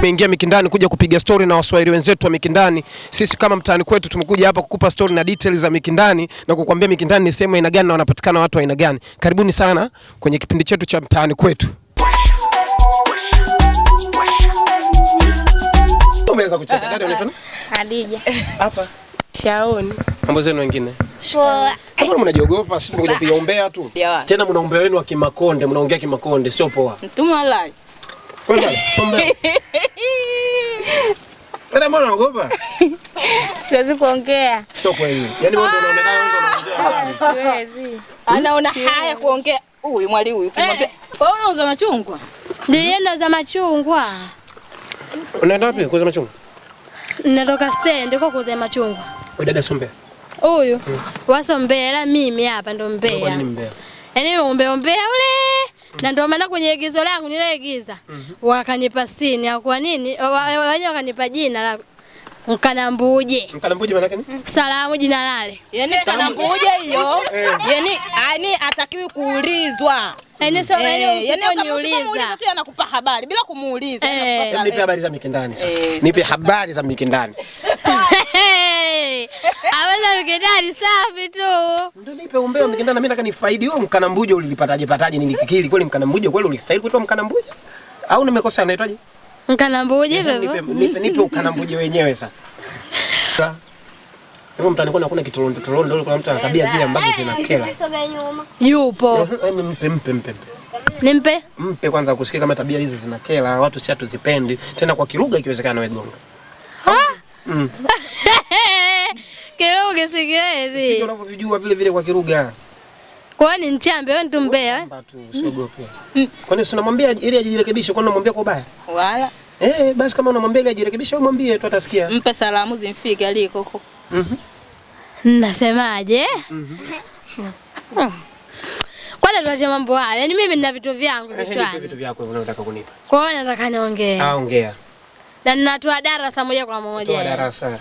Tumeingia Mikindani kuja kupiga story na waswahili wenzetu wa Mikindani. Sisi kama mtaani kwetu tumekuja hapa kukupa story na details za Mikindani na kukwambia Mikindani ni sehemu aina gani na wanapatikana watu aina gani. Karibuni sana kwenye kipindi chetu cha mtaani kwetu. Umeanza kucheka dada, unaitwa nani? Hadija. Hapa Shaoni. Mambo zenu wengine? Poa. Mbona mnajiogopa? Sisi mnakuja kupiga umbea tu. Tena mna umbea wenu wa Kimakonde, mnaongea Kimakonde, sio poa. Mtumwa lai. Kwenda, sombea. Hata mbona unaogopa? Siwezi kuongea. Sio kweli. Yaani wewe ndio unaonekana wewe ndio unaongea. Ah, siwezi. Anaona ah, haya kuongea. Huyu mwali huyu kumwambia. Eh, wewe unauza machungwa? Ndio yeye anauza machungwa. Unaenda wapi kuuza machungwa? Natoka stendi kwa kuuza machungwa. Wewe dada sio Huyu. Hmm. Wasombea mbea mimi hapa ndo mbea. Kwa nini mbea? Yaani mbea ombea ule na ndio maana kwenye igizo langu nilioigiza mm -hmm. wakanipa sini kwa nini wenyewe wakanipa jina la Mkanambuje. Mkanambuje maana nini? Salamu jina lale. Yaani Mkanambuje hiyo. Eh. Yaani ani atakiwi kuulizwa. Eh, eh, yaani sasa wewe yaani ukaniuliza tu anakupa habari bila kumuuliza. Nipe habari za Mikindani sasa. Nipe habari za Mikindani wewe. Aweza mikindani safi tu. Ndio nipe umbea na mimi nataka nifaidi wewe mkana mbujo ulilipataje pataje nilikikili kweli mkana mbujo kweli ulistahili kuitwa mkana mbujo? Au nimekosea naitwaje? Mkana mbujo hivyo. Nipe nipe nipe ukana mbujo wenyewe sasa. Hivyo mtani kuna kuna kitorondo torondo yule kuna mtu ana tabia zile ambazo zinakera. Yupo. Mpe mpe mpe. Nimpe? Mpe kwanza kusikia kama tabia hizo zinakera, watu si hatuzipendi, tena kwa kiruga ikiwezekana wewe gonga. Ha? Mm. Kiruga si kiwezi. Unavyovijua vile vile kwa Kiruga. Kwa Kwani nchambe wewe ndio mbea? Usiogope. Mm. Kwani si unamwambia ili ajirekebishe, kwani unamwambia kwa ubaya? Wala. Eh, basi kama unamwambia ili ajirekebishe, wewe mwambie tu atasikia. Mpe salamu zimfike aliko huko. Mhm. Nasemaje? Mhm. Kwanza tuache mambo haya. Yaani mimi nina vitu vyangu kichwani. Eh, vitu vyako hivyo unataka kunipa. Kwa hiyo nataka niongee. Ah, ongea. Na ninatoa darasa moja kwa moja. Toa darasa.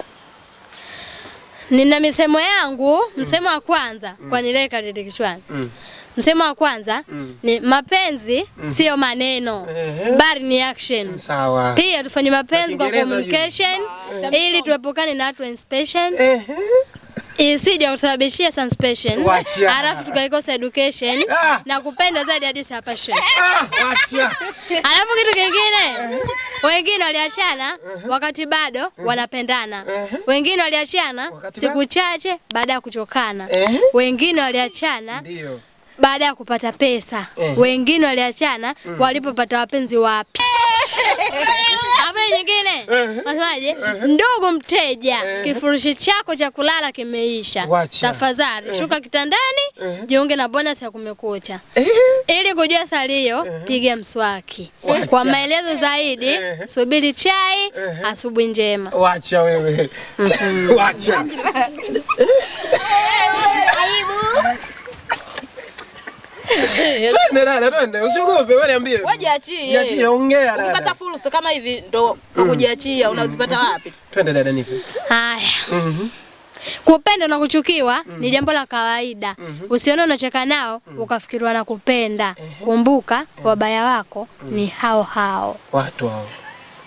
Nina misemo yangu, mm. msemo wa kwanza mm. kwa nile karidi kichwani mm. Msemo wa kwanza mm. ni mapenzi mm. siyo maneno mm. bali ni action. Sawa. Pia tufanye mapenzi kwa communication ili tuepukane na watu inspiration. Isije e, usababishia suspension. Alafu tukaikosa education ah! na kupenda zaidi hadi sapassion. Ah! Alafu kitu kingine wengine waliachana wakati bado eh. wanapendana. Eh. Wengine waliachana siku chache baada ya kuchokana. Eh. Wengine waliachana baada ya kupata pesa. Wengine waliachana mm. walipopata wapenzi wapya. Habari nyingine nasemaje? Ndugu mteja, kifurushi chako cha kulala kimeisha, tafadhali shuka kitandani, jiunge na bonus ya Kumekucha. Ili kujua salio, piga mswaki. Kwa maelezo zaidi, subiri chai. Asubuhi njema. Wacha wewe, mm-hmm. wacha Twende dada, twende. Usiogope, wewe niambie. ongea dada. Ukipata fursa kama hivi ndo mm. kujiachia, mm. unazipata wapi? Twende dada, nipe. Haya. Mhm. Kupenda na kuchukiwa mm -hmm. ni mm-hmm. jambo la kawaida mm -hmm. Usione unacheka nao mm -hmm. ukafikiriwa na kupenda mm -hmm. Kumbuka mm -hmm. wabaya wako mm -hmm. ni hao hao watu hao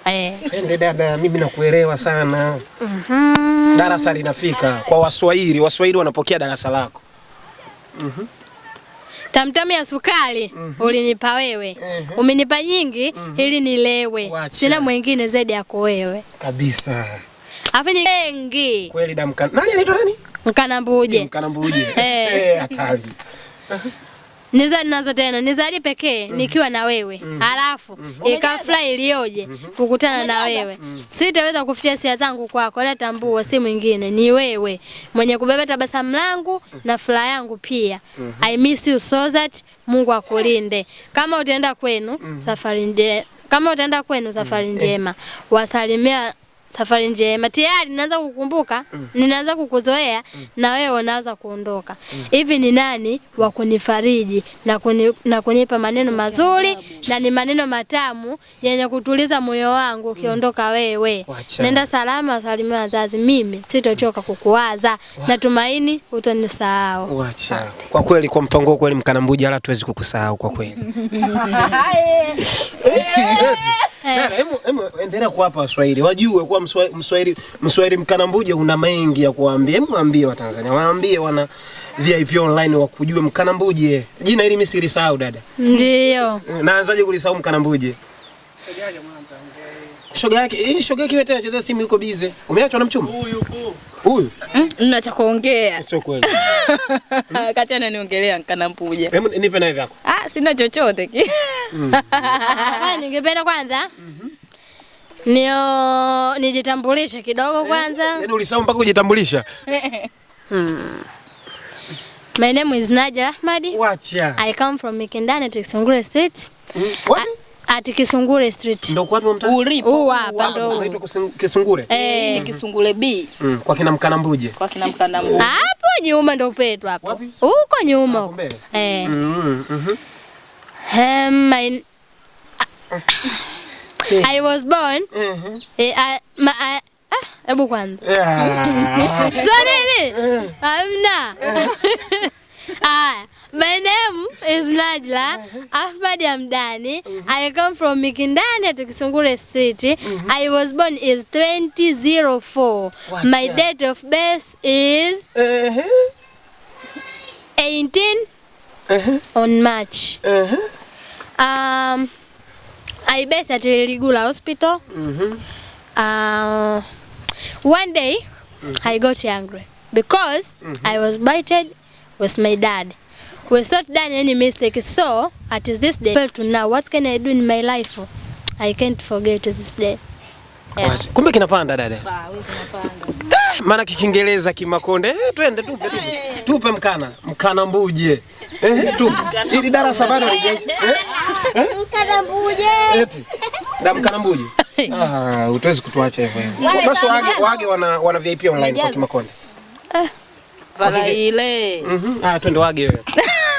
eh. dada, mimi nakuelewa sana mm -hmm. Darasa linafika kwa Waswahili. Waswahili wanapokea darasa lako mm -hmm. Tamtamu ya sukari mm -hmm. ulinipa wewe mm -hmm. umenipa nyingi mm -hmm. ili nilewe, sina mwingine zaidi yako wewe kabisa. Afanye wengi kweli. Damka nani anaitwa nani? Mkanambuje, Mkanambuje. Eh. eh hatari Niza nazo tena nizaje pekee mm-hmm. nikiwa na wewe alafu mm-hmm. halafu mm ilioje kukutana na wewe mm. sitaweza kuficha sia zangu kwako, la tambua, si mwingine ni wewe mwenye kubeba tabasamu langu na furaha yangu pia I miss you so that Mungu akulinde kama utaenda kwenu safari njema, kama utaenda kwenu safari njema wasalimia safari njema. Tayari naanza kukumbuka mm. ninaanza kukuzoea mm. na wewe unaanza kuondoka mm. hivi mm. ni nani wa kunifariji na, kuni, na kunipa maneno mazuri na ni maneno matamu yenye kutuliza moyo wangu ukiondoka mm. wewe. Nenda salama, salimia wazazi, mimi sitochoka kukuwaza, natumaini utanisahau. Kwa kweli kwa mpango kweli Mkanambuja, tuwezi kukusahau kwa kweli Eh. Endelea kuwapa Waswahili wajue kuwa Mswahili Mswahili Mkanambuja una mengi ya kuwaambia. Hebu waambie Watanzania, waambie wana VIP online wakujue Mkanambuje. Jina hili mimi silisahau dada. Ndio. Eh, naanzaje kulisahau Mkanambuje? Shoga yake, eh, shoga yake wewe tena cheza simu yuko bize. Umeachwa na mchumba? Huyu Huyu? Mm, nina cha kuongea. Sio kweli. Kati ananiongelea nkana mpuja. Hebu nipe naye vyako. Ah, sina chochote ki. Mm. Ningependa kwanza nio nijitambulishe kidogo eh, kwanza. Yaani ulisahau mpaka kujitambulisha. Hmm. My name is Najah Ahmadi. Wacha. I come from Mikindani, Songwe State. Mm, What? At Kisungure Street. Ndio kwa mtaa? Ulipo. Huu hapa ndio. Unaitwa Kisungure? Eh, mm -hmm. Kisungure B. Mm, kwa kina Mkanambuje. Kwa kina Mkanambuje. Hapo nyuma ndio petu hapo. Huko nyuma huko. Ah, eh. Mm -hmm. Um, I, eh. I was born. Mm -hmm. Eh, I, my, I, ah, Hebu kwanza. Yeah. Zo ni? Hamna. Ah. My name is Najla uh-huh. Ahmad Hamdani. Mm -hmm. I come from Mikindani at Kisungure City. Mm -hmm. I was born is 2004. My date of birth is uh -huh. 18 uh -huh. on March. Uh -huh. Um, I based at Ligula Hospital. Mm -hmm. uh, one day mm -hmm. I got angry because mm -hmm. I was bited with my dad we not done any mistake so at this day well, to now what can I do in my life I can't forget this day yeah. Kumbe kinapanda dada ah, maana kikiingereza kimakonde eh, twende tupe tupe eh. mkana eh, mkana mbuje ili darasa bado halijaisha mkana mbuje eti da mkana mbuje ah utawezi kutuacha hivyo hivyo basi wage wage wana wana VIP online kwa kimakonde ah Vala ile. Mhm. Ah, twende wage wewe.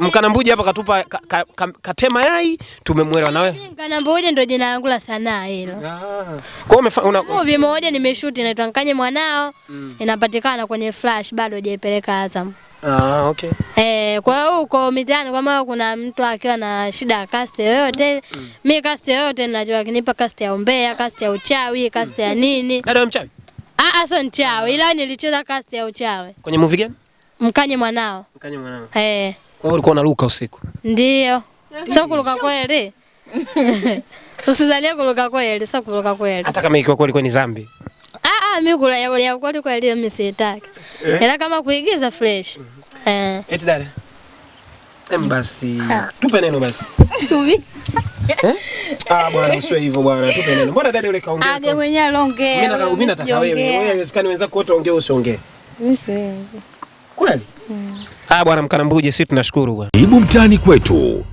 Mkanambuji hapa katupa ka, ka, katema yai tumemwelewa na wewe. Mkanambuji ndio jina langu la sanaa hilo. Ah. Kwa hiyo una movie moja nimeshoot inaitwa Nkanye Mwanao mm. inapatikana kwenye Flash bado hajaipeleka Azam. Ah, okay. Eh, kwa hiyo uko mitaani maana kuna mtu akiwa na shida ya cast yoyote, mm. mi cast yoyote ninajua kinipa cast ya umbea, cast ya uchawi, cast ya nini. Dada mchawi? Ah, ah, sio mchawi ah. ila nilicheza cast ya uchawi. Kwenye movie gani? Mkanye Mwanao. Mkanye Mwanao. Eh. Kwa hiyo ulikuwa unaruka usiku? Ndio. Sio kuruka kweli. Usizalie kuruka kweli, sio kuruka kweli. Hata kama ikiwa kweli kweli ni dhambi. Ah ah, mimi kula ya kweli kweli mimi sitaki. Eh? Ila kama kuigiza fresh. Mhm. Eh. Eti dada. Basi tupe neno basi. Subi. Eh? Ah bwana usiwe hivyo bwana, tupe neno. Mbona dada yule kaongea? Age mwenyewe alongea. Mimi nataka wewe, wewe haiwezekani wenzako wote waongee usiongee. Usiwe. Kweli? Ah bwana Mkanambuje, sisi tunashukuru bwana. Ibu mtaani kwetu.